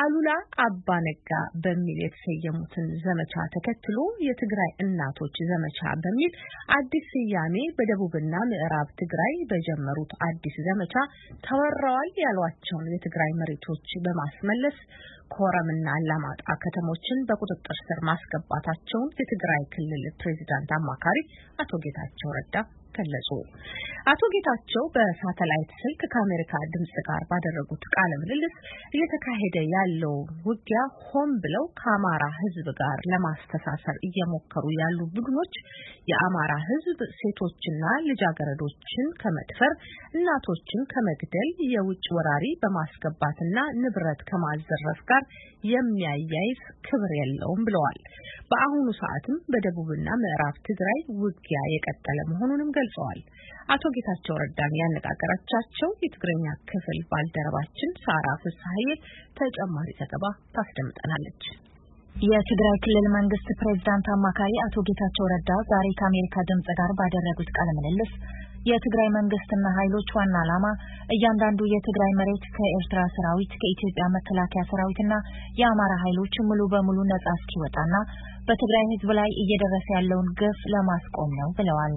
አሉላ አባነጋ በሚል የተሰየሙትን ዘመቻ ተከትሎ የትግራይ እናቶች ዘመቻ በሚል አዲስ ስያሜ በደቡብና ምዕራብ ትግራይ በጀመሩት አዲስ ዘመቻ ተወረዋል ያሏቸውን የትግራይ መሬቶች በማስመለስ ኮረምና አላማጣ ከተሞችን በቁጥጥር ስር ማስገባታቸውን የትግራይ ክልል ፕሬዚዳንት አማካሪ አቶ ጌታቸው ረዳ ገለጹ። አቶ ጌታቸው በሳተላይት ስልክ ከአሜሪካ ድምጽ ጋር ባደረጉት ቃለ ምልልስ እየተካሄደ ያለው ውጊያ ሆን ብለው ከአማራ ሕዝብ ጋር ለማስተሳሰር እየሞከሩ ያሉ ቡድኖች የአማራ ሕዝብ ሴቶችና ልጃገረዶችን ከመድፈር፣ እናቶችን ከመግደል፣ የውጭ ወራሪ በማስገባትና ንብረት ከማዘረፍ ጋር የሚያያይዝ ክብር የለውም ብለዋል። በአሁኑ ሰዓትም በደቡብና ምዕራብ ትግራይ ውጊያ የቀጠለ መሆኑንም ገልጸዋል። አቶ ጌታቸው ረዳን ያነጋገራቻቸው የትግረኛ ክፍል ባልደረባችን ሳራ ፍስሀዬ ተጨማሪ ዘገባ ታስደምጠናለች። የትግራይ ክልል መንግስት ፕሬዝዳንት አማካሪ አቶ ጌታቸው ረዳ ዛሬ ከአሜሪካ ድምጽ ጋር ባደረጉት ቃለ ምልልስ የትግራይ መንግስትና ኃይሎች ዋና ዓላማ እያንዳንዱ የትግራይ መሬት ከኤርትራ ሰራዊት፣ ከኢትዮጵያ መከላከያ ሰራዊትና የአማራ ኃይሎች ሙሉ በሙሉ ነጻ እስኪወጣና በትግራይ ህዝብ ላይ እየደረሰ ያለውን ግፍ ለማስቆም ነው ብለዋል።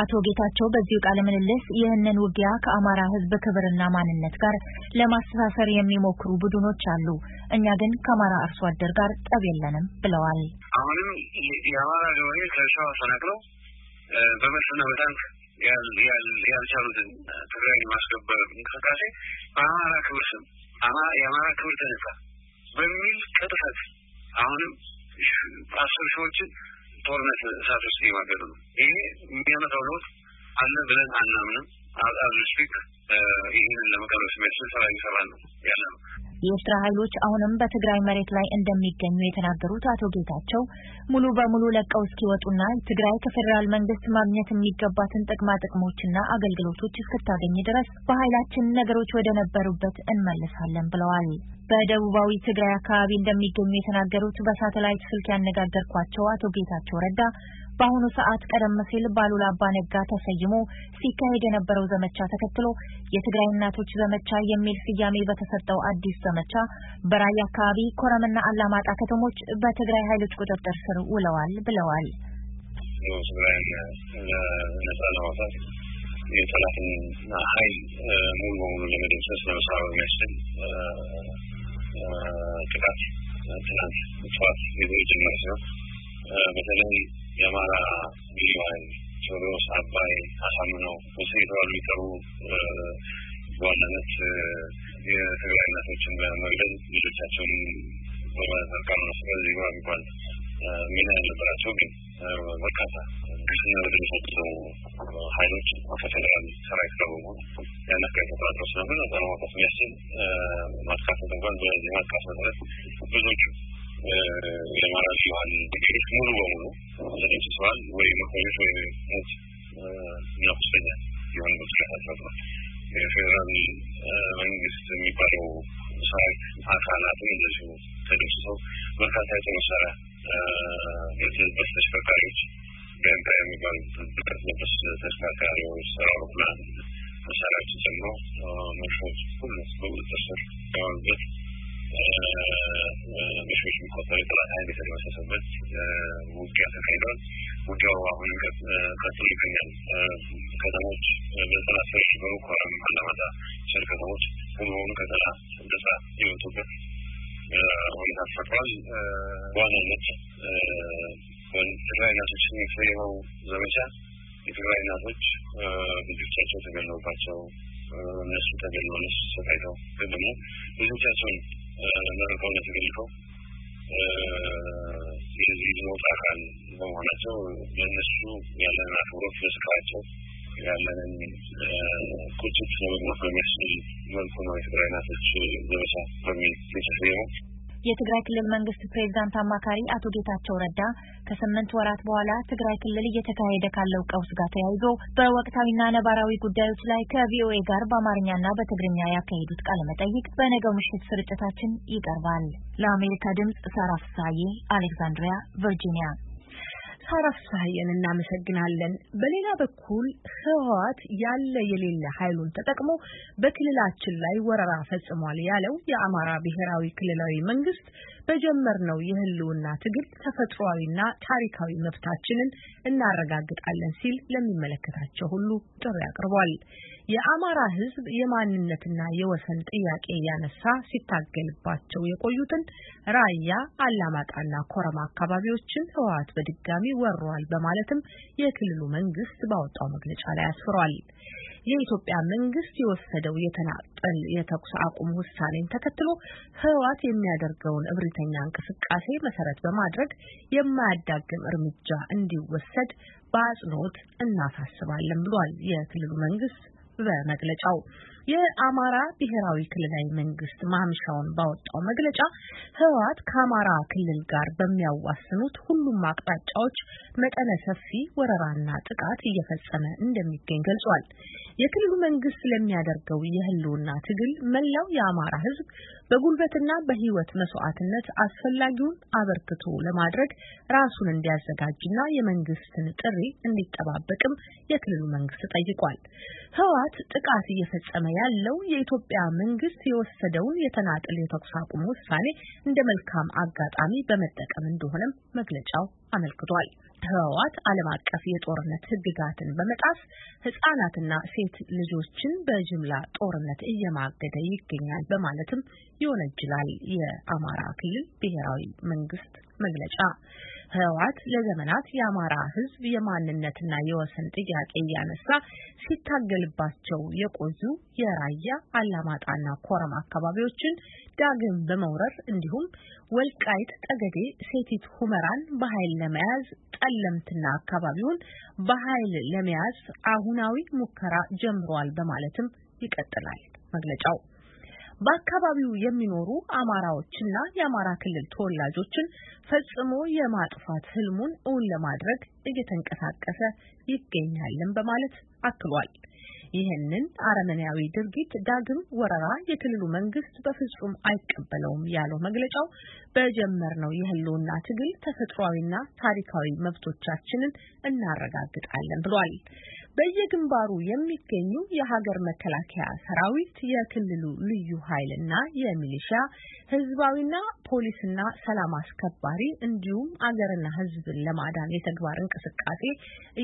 አቶ ጌታቸው በዚሁ ቃለ ምልልስ ይህንን ውጊያ ከአማራ ሕዝብ ክብርና ማንነት ጋር ለማስተሳሰር የሚሞክሩ ቡድኖች አሉ፣ እኛ ግን ከአማራ አርሶ አደር ጋር ጠብ የለንም ብለዋል። አሁንም የአማራ ገበሬ ከእርሻ አፈናቅለው በመስና በታንክ ያልቻሉትን ትግራይ የማስገበር እንቅስቃሴ በአማራ ክብር ስም የአማራ ክብር ተነሳ በሚል ቅጥፈት አሁንም አስር ሺዎችን ጦርነት እሳት ውስጥ እየማገዱ ነው። ይሄ የሚያመጣው ለውጥ አለ ብለን አናምንም። አብዙ ስፒክ ይህንን ለመቀረብ የሚያስችል ስራ እየሰራ ነው ያለ ነው። የኤርትራ ኃይሎች አሁንም በትግራይ መሬት ላይ እንደሚገኙ የተናገሩት አቶ ጌታቸው ሙሉ በሙሉ ለቀው እስኪወጡና ትግራይ ከፌዴራል መንግስት ማግኘት የሚገባትን ጥቅማ ጥቅሞችና አገልግሎቶች እስክታገኝ ድረስ በኃይላችን ነገሮች ወደ ነበሩበት እንመልሳለን ብለዋል። በደቡባዊ ትግራይ አካባቢ እንደሚገኙ የተናገሩት በሳተላይት ስልክ ያነጋገርኳቸው አቶ ጌታቸው ረዳ በአሁኑ ሰዓት ቀደም ሲል ባሉላባ ነጋ ተሰይሞ ሲካሄድ የነበረው ዘመቻ ተከትሎ የትግራይ እናቶች ዘመቻ የሚል ስያሜ በተሰጠው አዲስ ዘመቻ በራያ አካባቢ ኮረምና አላማጣ ከተሞች በትግራይ ኃይሎች ቁጥጥር ስር ውለዋል ብለዋል። ትግራይን ነጻ ለማውጣት የጠላትን ኃይል ሙሉ በሙሉ ለመደምሰስ የሚያስችል ጥቃት ትናንት ጠዋት የጀመረ ሲሆን በተለይ የአማራ ልዩ ኃይል ቴዎድሮስ፣ አባይ፣ አሳምነው ውስ የተባሉ በዋናነት የትግራይ እናቶችን በመግደል ልጆቻቸውን በመጠቀም ነው። ስለዚህ የሚባል ሚና ያልነበራቸው ግን በርካታ ግፍና በደል የፈጸሙ ኃይሎች ከፌደራል ሰራዊት ጋር በመሆን ያን አካባቢ ተቆጣጥረው ስለሆነ ነጻ ለማውጣት የሚያስችል ማጥቃት ተደርጓል። በዚህ ማጥቃት መሰረት ብዙዎቹ የአማራ ሸዋን ድግሪት ሙሉ በሙሉ ተደምስሰዋል። ወይ መኮኞች ወይ ሞት እና ቁስለኛ የሆኑበት ሁኔታ ተፈጥሯል። የፌዴራል መንግስት የሚባለው ሰራዊት አካላትም እንደዚሁ ተደምስሰው በርካታ የጦር መሳሪያ የተዘበስ ተሽከርካሪዎች ገንታ የሚባሉ ብቀት ለበስ ተሽከርካሪዎች ሰራ አውሮፕላን መሳሪያዎችን ጨምሮ መሾች ሁሉ በቁጥጥር ስር የዋሉበት በሺዎች የሚቆጠሩ የጠላት ኃይል የተደመሰሰበት ውጊያ ተካሂዷል። ውጊያው አሁንም ቀጥሎ ይገኛል። ከተሞች በስራ ሰዎች ኮረም አላማጣ ሸር ከተሞች ህዝቡን ከስራ እንደስራ የወጡበት ሁኔታ ተፈጥሯል። በዋናነት ትግራይ እናቶች የሚፈየመው ዘመቻ የትግራይ እናቶች ልጆቻቸው ተገለውባቸው እነሱ ተገለው እነሱ ተሰቃይተው ግን ደግሞ ልጆቻቸውን መርቀው ነው ተገልፈው የዚህ ለውጥ አካል በመሆናቸው ለእነሱ ያለን አክብሮት ለስቃቸው ያለንን ቁጭት ለመግለጽ በሚያስችል መልኩ ነው የትግራይ እናቶች ዘመቻ በሚል የተሰየመው። የትግራይ ክልል መንግስት ፕሬዝዳንት አማካሪ አቶ ጌታቸው ረዳ ከስምንት ወራት በኋላ ትግራይ ክልል እየተካሄደ ካለው ቀውስ ጋር ተያይዞ በወቅታዊና ነባራዊ ጉዳዮች ላይ ከቪኦኤ ጋር በአማርኛና በትግርኛ ያካሄዱት ቃለ መጠይቅ በነገው ምሽት ስርጭታችን ይቀርባል። ለአሜሪካ ድምጽ ሳራ ፍሳዬ፣ አሌክዛንድሪያ ቨርጂኒያ ሳራ ፍስሐዬን እናመሰግናለን። በሌላ በኩል ህወሓት ያለ የሌለ ኃይሉን ተጠቅሞ በክልላችን ላይ ወረራ ፈጽሟል ያለው የአማራ ብሔራዊ ክልላዊ መንግስት በጀመርነው የህልውና ትግል ተፈጥሯዊና ታሪካዊ መብታችንን እናረጋግጣለን ሲል ለሚመለከታቸው ሁሉ ጥሪ አቅርቧል። የአማራ ህዝብ የማንነትና የወሰን ጥያቄ እያነሳ ሲታገልባቸው የቆዩትን ራያ፣ አላማጣና ኮረማ አካባቢዎችን ህወሓት በድጋሚ ወሯል በማለትም የክልሉ መንግስት ባወጣው መግለጫ ላይ አስፍሯል። የኢትዮጵያ መንግስት የወሰደው የተናጠል የተኩስ አቁም ውሳኔን ተከትሎ ህወሓት የሚያደርገውን እብሪ ገለልተኛ እንቅስቃሴ መሰረት በማድረግ የማያዳግም እርምጃ እንዲወሰድ በአጽንኦት እናሳስባለን ብሏል የክልሉ መንግስት በመግለጫው። የአማራ ብሔራዊ ክልላዊ መንግስት ማምሻውን ባወጣው መግለጫ ህወሓት ከአማራ ክልል ጋር በሚያዋስኑት ሁሉም አቅጣጫዎች መጠነ ሰፊ ወረራና ጥቃት እየፈጸመ እንደሚገኝ ገልጿል። የክልሉ መንግስት ለሚያደርገው የህልውና ትግል መላው የአማራ ህዝብ በጉልበትና በህይወት መስዋዕትነት አስፈላጊውን አበርክቶ ለማድረግ ራሱን እንዲያዘጋጅና የመንግስትን ጥሪ እንዲጠባበቅም የክልሉ መንግስት ጠይቋል። ህወሓት ጥቃት እየፈጸመ ያለው የኢትዮጵያ መንግስት የወሰደውን የተናጠል የተኩስ አቁም ውሳኔ እንደ መልካም አጋጣሚ በመጠቀም እንደሆነም መግለጫው አመልክቷል። ህወሓት ዓለም አቀፍ የጦርነት ህግጋትን በመጣስ ህጻናትና ሴት ልጆችን በጅምላ ጦርነት እየማገደ ይገኛል በማለትም ይወነጅላል። የአማራ ክልል ብሔራዊ መንግስት መግለጫ ህወሓት ለዘመናት የአማራ ህዝብ የማንነትና የወሰን ጥያቄ እያነሳ ሲታገልባቸው የቆዩ የራያ አላማጣና ኮረም አካባቢዎችን ዳግም በመውረር እንዲሁም ወልቃይት ጠገዴ፣ ሴቲት ሁመራን በኃይል ለመያዝ ጠለምትና አካባቢውን በኃይል ለመያዝ አሁናዊ ሙከራ ጀምሯል በማለትም ይቀጥላል መግለጫው። በአካባቢው የሚኖሩ አማራዎችና የአማራ ክልል ተወላጆችን ፈጽሞ የማጥፋት ህልሙን እውን ለማድረግ እየተንቀሳቀሰ ይገኛልን በማለት አክሏል። ይህንን አረመኔያዊ ድርጊት ዳግም ወረራ የክልሉ መንግስት በፍጹም አይቀበለውም ያለው መግለጫው በጀመርነው የህልውና ትግል ተፈጥሯዊና ታሪካዊ መብቶቻችንን እናረጋግጣለን ብሏል። በየግንባሩ የሚገኙ የሀገር መከላከያ ሰራዊት፣ የክልሉ ልዩ ኃይል እና የሚሊሺያ፣ ህዝባዊና ፖሊስና ሰላም አስከባሪ እንዲሁም አገርና ህዝብን ለማዳን የተግባር እንቅስቃሴ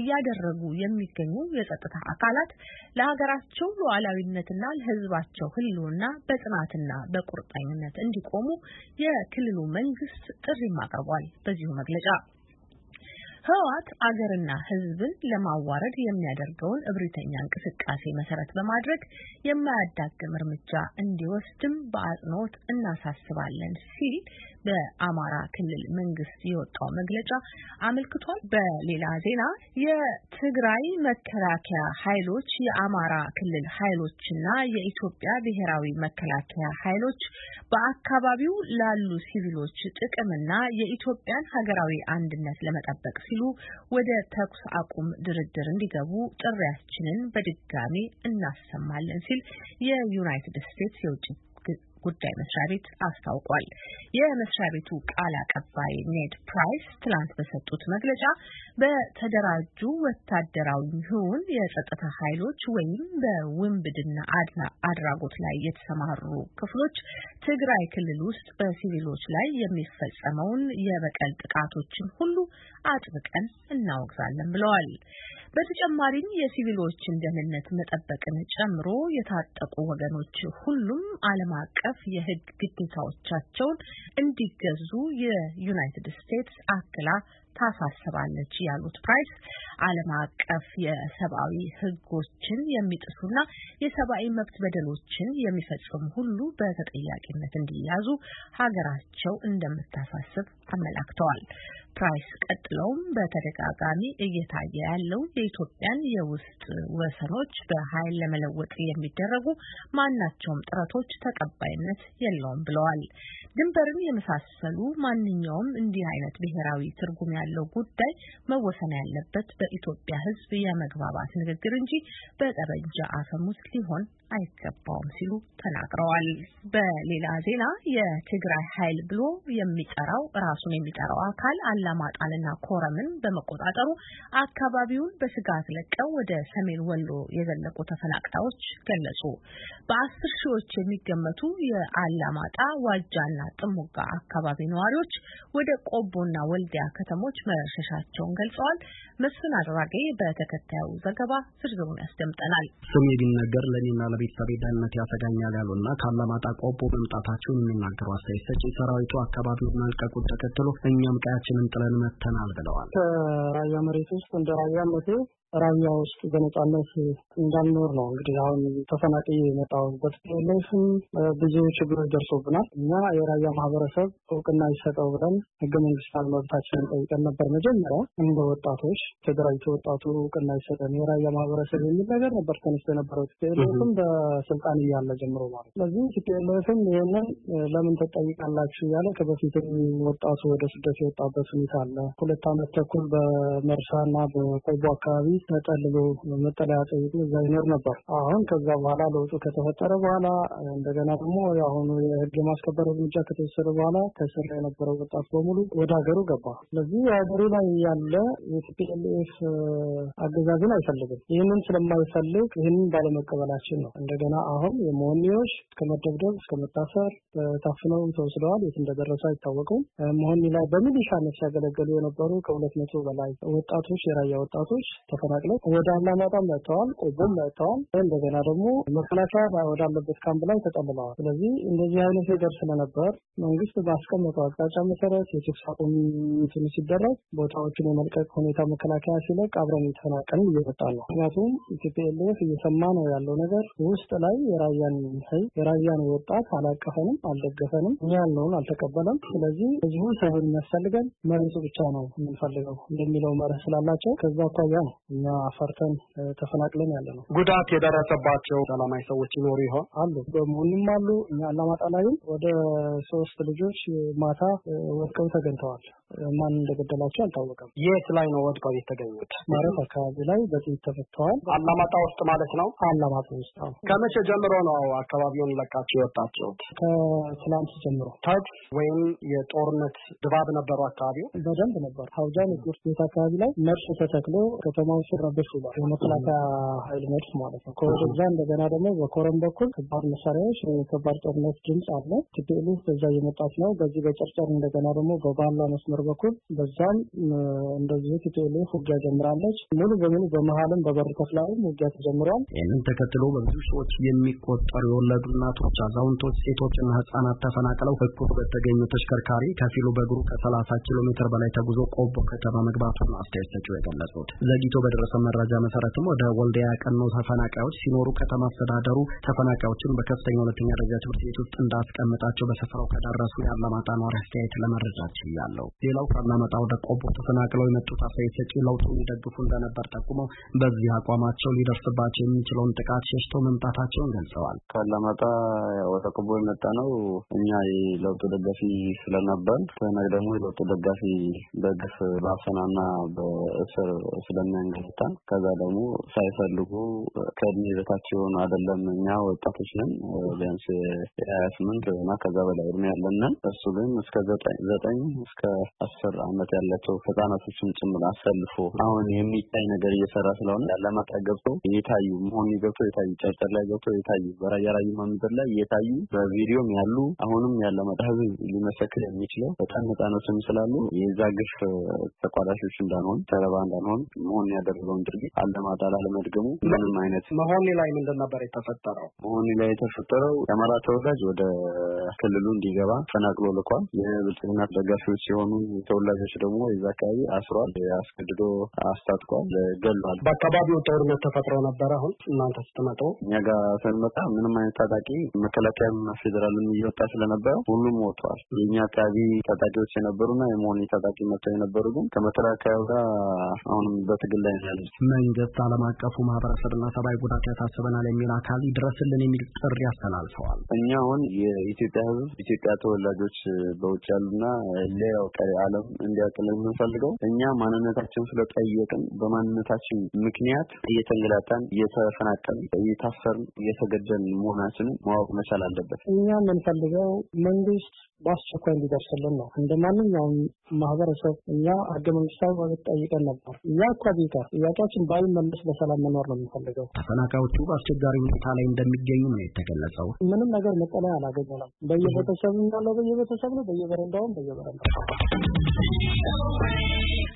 እያደረጉ የሚገኙ የጸጥታ አካላት ለሀገራቸው ሉዓላዊነትና ለህዝባቸው ህልውና በጽናትና በቁርጠኝነት እንዲቆሙ የክልሉ መንግስት ጥሪም አቅርቧል። በዚሁ መግለጫ ህወሓት አገርና ህዝብን ለማዋረድ የሚያደርገውን እብሪተኛ እንቅስቃሴ መሰረት በማድረግ የማያዳግም እርምጃ እንዲወስድም በአጽንኦት እናሳስባለን ሲል በአማራ ክልል መንግስት የወጣው መግለጫ አመልክቷል። በሌላ ዜና የትግራይ መከላከያ ኃይሎች የአማራ ክልል ኃይሎችና የኢትዮጵያ ብሔራዊ መከላከያ ኃይሎች በአካባቢው ላሉ ሲቪሎች ጥቅምና የኢትዮጵያን ሀገራዊ አንድነት ለመጠበቅ ሲ ሲሉ ወደ ተኩስ አቁም ድርድር እንዲገቡ ጥሪያችንን በድጋሚ እናሰማለን ሲል የዩናይትድ ስቴትስ የውጭ ጉዳይ መስሪያ ቤት አስታውቋል። የመስሪያ ቤቱ ቃል አቀባይ ኔድ ፕራይስ ትላንት በሰጡት መግለጫ በተደራጁ ወታደራዊ ይሁን የጸጥታ ኃይሎች ወይም በውንብድና አድራጎት ላይ የተሰማሩ ክፍሎች ትግራይ ክልል ውስጥ በሲቪሎች ላይ የሚፈጸመውን የበቀል ጥቃቶችን ሁሉ አጥብቀን እናወግዛለን ብለዋል። በተጨማሪም የሲቪሎችን ደህንነት መጠበቅን ጨምሮ የታጠቁ ወገኖች ሁሉም ዓለም አቀፍ አቀፍ የህግ ግዴታዎቻቸውን እንዲገዙ የዩናይትድ ስቴትስ አክላ ታሳስባለች ያሉት ፕራይስ ዓለም አቀፍ የሰብአዊ ሕጎችን የሚጥሱና የሰብአዊ መብት በደሎችን የሚፈጽሙ ሁሉ በተጠያቂነት እንዲያዙ ሀገራቸው እንደምታሳስብ አመላክተዋል። ፕራይስ ቀጥለውም በተደጋጋሚ እየታየ ያለው የኢትዮጵያን የውስጥ ወሰኖች በኃይል ለመለወጥ የሚደረጉ ማናቸውም ጥረቶች ተቀባይነት የለውም ብለዋል። ድንበርን የመሳሰሉ ማንኛውም እንዲህ አይነት ብሔራዊ ትርጉም ያለው ጉዳይ መወሰን ያለበት በኢትዮጵያ ሕዝብ የመግባባት ንግግር እንጂ በጠበንጃ አፈሙዝ ሊሆን አይገባውም ሲሉ ተናግረዋል። በሌላ ዜና የትግራይ ኃይል ብሎ የሚጠራው ራሱን የሚጠራው አካል አላማጣንና ኮረምን በመቆጣጠሩ አካባቢውን በስጋት ለቀው ወደ ሰሜን ወሎ የዘለቁ ተፈናቅታዎች ገለጹ። በአስር ሺዎች የሚገመቱ የአላማጣ ዋጃና እና ጥሙጋ አካባቢ ነዋሪዎች ወደ ቆቦና ወልዲያ ከተሞች መሸሻቸውን ገልጸዋል። መስፍን አድራጌ በተከታዩ ዘገባ ዝርዝሩን ያስደምጠናል። ስሜ ቢነገር ለእኔና ለቤተሰቤ ደህንነት ያሰጋኛል ያሉና ከአላማጣ ቆቦ መምጣታቸውን የሚናገሩ አስተያየት ሰጪ ሰራዊቱ አካባቢውን መልቀቁን ተከትሎ እኛም ቀያችንን ጥለን መተናል ብለዋል። ከራያ መሬት ውስጥ እንደ ራያ መቴው ራያ ውስጥ በነጻነት እንዳልኖር ነው እንግዲህ አሁን ተፈናቂ የመጣሁበት። ላይፍም ብዙ ችግሮች ደርሶብናል እና ለራያ ማህበረሰብ እውቅና ይሰጠው ብለን ህገ መንግስታዊ መብታችንን ጠይቀን ነበር። መጀመሪያ እንደ ወጣቶች ተደራጅቶ ወጣቱ እውቅና ይሰጠን የራያ ማህበረሰብ የሚል ነገር ነበር ተነስቶ የነበረው ቲፒኤልኤፍም በስልጣን እያለ ጀምሮ ማለት። ስለዚህ ቲፒኤልኤፍም ይህንን ለምን ትጠይቃላችሁ እያለ ከበፊት ወጣቱ ወደ ስደት የወጣበት ሁኔታ አለ። ሁለት አመት ተኩል በመርሳና በቆቦ አካባቢ ተጠልሎ መጠለያ ጠይቁ እዛ ይኖር ነበር። አሁን ከዛ በኋላ ለውጡ ከተፈጠረ በኋላ እንደገና ደግሞ የአሁኑ የህግ የማስከበር እርምጃ እርምጃ ከተወሰደ በኋላ ከስር የነበረው ወጣት በሙሉ ወደ ሀገሩ ገባ። ስለዚህ ሀገሩ ላይ ያለ የቲፒኤልኤፍ አገዛዝን አይፈልግም። ይህንን ስለማይፈልግ ይህንን ባለመቀበላችን ነው እንደገና አሁን የመሆኒዎች እስከ መደብደብ እስከ መታሰር ታፍነው ተወስደዋል። የት እንደደረሱ አይታወቅም። መሆኒ ላይ በሚሊሻነት ሲያገለገሉ የነበሩ ከሁለት መቶ በላይ ወጣቶች የራያ ወጣቶች ተፈናቅለው ወደ አላማጣም መጥተዋል፣ ቆቦም መጥተዋል። እንደገና ደግሞ መከላከያ ወዳለበት ካምፕ ላይ ተጠልለዋል። ስለዚህ እንደዚህ አይነት ነገር ስለነበር በማስተባበር መንግስት ባስቀመጠው አቅጣጫ መሰረት የተኩስ አቁም እንትን ሲደረግ ቦታዎችን የመልቀቅ ሁኔታ መከላከያ ሲለቅ አብረን የተናቀልን እየወጣ ነው። ምክንያቱም ኢትዮጵኤልፍ እየሰማ ነው ያለው ነገር ውስጥ ላይ የራያን ህዝብ የራያን ወጣት አላቀፈንም፣ አልደገፈንም፣ እኛ ያልነውን አልተቀበለም። ስለዚህ ህዝቡ ሰብን የሚያስፈልገን መሬቱ ብቻ ነው የምንፈልገው እንደሚለው መርህ ስላላቸው ከዛ አኳያ ነው እኛ አፈርተን ተፈናቅለን ያለ ነው። ጉዳት የደረሰባቸው ሰላማዊ ሰዎች ይኖሩ ይሆን አሉ በመሆንም አሉ እኛ አላማጣ ላይም ወደ ሶስት ልጆች ማታ ወድቀው ተገኝተዋል። ማን እንደገደላቸው አልታወቀም። የት ላይ ነው ወድቀው የተገኙት? ማረፍ አካባቢ ላይ በጥይት ተፈተዋል። አላማጣ ውስጥ ማለት ነው። አላማጣ ውስጥ ነው። ከመቼ ጀምሮ ነው አካባቢውን ለቃችሁ የወጣችሁት? ከትላንት ጀምሮ ተኩስ ወይም የጦርነት ድባብ ነበሩ? አካባቢው በደንብ ነበር። ሀውጃ ንጉስ ቤት አካባቢ ላይ መድፍ ተተክሎ ከተማው ሲረብሽ ውሏል። የመከላከያ ኃይል መድፍ ማለት ነው። ከወደዛ እንደገና ደግሞ በኮረም በኩል ከባድ መሳሪያዎች፣ ከባድ ጦርነት ድምፅ አለ። ትግሉ በዛ እየመጣች ነው። በዚህ በጨርጨር እንደገና ደግሞ በባላ መስመር በኩል በዛም እንደዚህ ቲፒኤልኤፍ ውጊያ ጀምራለች። ሙሉ በሙሉ በመሀልም በበር ከፍላይም ውጊያ ተጀምሯል። ይህንን ተከትሎ በብዙ ሰዎች የሚቆጠሩ የወለዱ እናቶች፣ አዛውንቶች፣ ሴቶችና ህጻናት ተፈናቅለው ህኩር በተገኙ ተሽከርካሪ ከፊሉ በእግሩ ከሰላሳ ኪሎ ሜትር በላይ ተጉዞ ቆቦ ከተማ መግባቱን አስተያየት ሰጪው የገለጹት ዘግይቶ በደረሰ መረጃ መሰረትም ወደ ወልዲያ ያቀኑ ተፈናቃዮች ሲኖሩ ከተማ አስተዳደሩ ተፈናቃዮችን በከፍተኛ ሁለተኛ ደረጃ ትምህርት ቤት ውስጥ እንዳስቀምጣቸው በሰፋ ተሳፍረው ከደረሱ የአላማጣ ነዋሪ አስተያየት ለመረዳት ችያለሁ። ሌላው ከአላማጣ ወደ ቆቦ ተፈናቅለው የመጡት አስተያየት ሰጪ ለውጡን ይደግፉ እንደነበር ጠቁመው በዚህ አቋማቸው ሊደርስባቸው የሚችለውን ጥቃት ሸሽቶ መምጣታቸውን ገልጸዋል። ከአላማጣ ወደ ቆቦ የመጣ ነው። እኛ የለውጡ ደጋፊ ስለነበር ተነግ ደግሞ የለውጡ ደጋፊ በግፍ በአፈናና በእስር ስለሚያንገልታ ከዛ ደግሞ ሳይፈልጉ ከእድሜ በታች የሆኑ አይደለም እኛ ወጣቶች ነን ቢያንስ የሀያ ስምንት እና ከዛ በላይ እድሜ ያለና እሱ ግን እስከ ዘጠኝ እስከ አስር አመት ያላቸው ህጻናቶችን ጭምር አሰልፎ አሁን የሚታይ ነገር እየሰራ ስለሆነ ያለማጣ ገብቶ የታዩ መሆን ገብቶ የታዩ ጨርጨር ላይ ገብቶ የታዩ በራያራዩማ ምድር ላይ የታዩ በቪዲዮም ያሉ አሁንም ያለማጣ ህዝብ ሊመሰክር የሚችለው በጣም ህጻኖችም ስላሉ የዛ ግፍ ተቋዳሾች እንዳንሆን ተረባ እንዳንሆን መሆን ያደረገውን ድርጊት አለማጣ ላለመድገሙ ምንም አይነት መሆኔ ላይ ምንድን ነበር የተፈጠረው? መሆኔ ላይ የተፈጠረው የአማራ ተወላጅ ወደ ክልሉ እንዲገባ ፈናቅሎ ልኳል። የብልጽግና ደጋፊዎች ሲሆኑ ተወላጆች ደግሞ የዛ አካባቢ አስሯል፣ አስገድዶ አስታጥቋል፣ ገሏል። በአካባቢው ጦርነት ተፈጥሮ ነበር። አሁን እናንተ ስትመጡ እኛ ጋር ስንመጣ ምንም አይነት ታጣቂ መከላከያም ፌዴራልም እየወጣ ስለነበረ ሁሉም ወጥቷል። የእኛ አካባቢ ታጣቂዎች የነበሩና የመሆን ታጣቂ መጥተው የነበሩ ግን ከመከላከያው ጋር አሁንም በትግል ላይ ያለ መንግስት ዓለም አቀፉ ማህበረሰብና ሰብአዊ ጉዳት ያሳስበናል የሚል አካል ይድረስልን የሚል ጥሪ አስተላልፈዋል። እኛ አሁን የኢትዮጵያ ህዝብ ኢትዮጵያ ተወላጆች በውጭ ያሉና ሌላው ቀሪ ዓለም እንዲያውቅልን የምንፈልገው እኛ ማንነታችን ስለጠየቅን በማንነታችን ምክንያት እየተንገላታን፣ እየተፈናቀል፣ እየታሰርን፣ እየተገደን መሆናችን ማወቅ መቻል አለበት። እኛ የምንፈልገው መንግስት በአስቸኳይ እንዲደርስልን ነው። እንደ ማንኛውም ማህበረሰብ እኛ ህገ መንግስታዊ ጠይቀን ነበር። እኛ እኮ ቤተ ጥያቄያችን ባይመለስ በሰላም መኖር ነው የምንፈልገው። ተፈናቃዮቹ በአስቸጋሪ ሁኔታ ላይ እንደሚገኙ ነው የተገለጸው። ምንም ነገር መጠለያ አላገኘንም። በየቦታ ቤተሰብ እንዳለው በየቤተሰብ ነው በየበረንዳውም በየበረንዳው